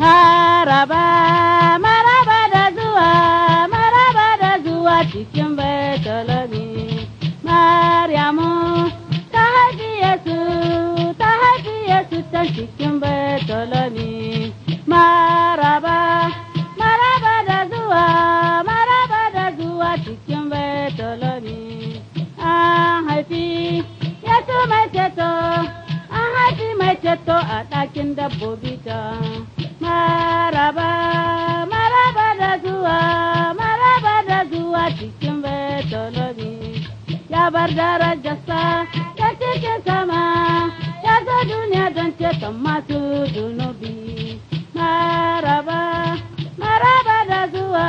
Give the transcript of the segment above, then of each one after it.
maraba maraba da zuwa maraba da zuwa cikin baitolami maryamu ta haifi yesu ta haifi yesu ta cikin baitolami maraba maraba da zuwa maraba da zuwa cikin baitolami an haifi yesu mai ceto an haifi mai ceto a ɗakin dabbobi ta maraba maraba da zuwa maraba da zuwa cikin betolobi ya bar darajarsa ta cikin sama ya zo duniya don ceton masu zunubi maraba maraba da zuwa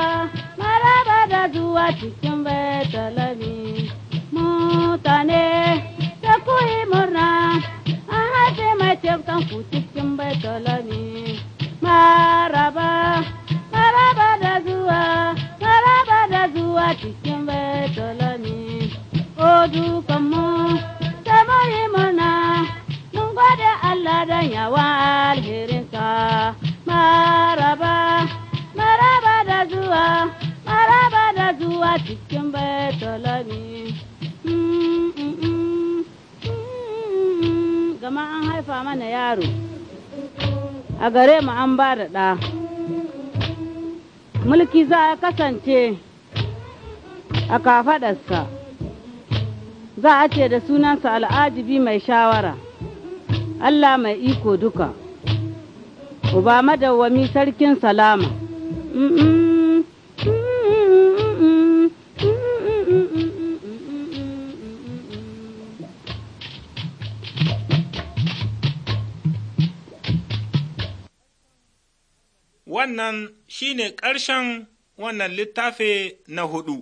maraba da zuwa cikin betolobi mutane ta kuyi murna an haife mai ceton ku cikin betolobi cikin betulami o dukanmu da mai mana mun gode Allah don yawa alherinka maraba maraba da zuwa maraba da zuwa cikin betulami gama an haifa mana yaro a gare mu an ba da ɗa mulki za a kasance a kafaɗarsa za a ce da sunansa al'ajibi mai shawara Allah mai iko duka uba madawwami sarkin salama wannan shi ne ƙarshen wannan littafi na hudu.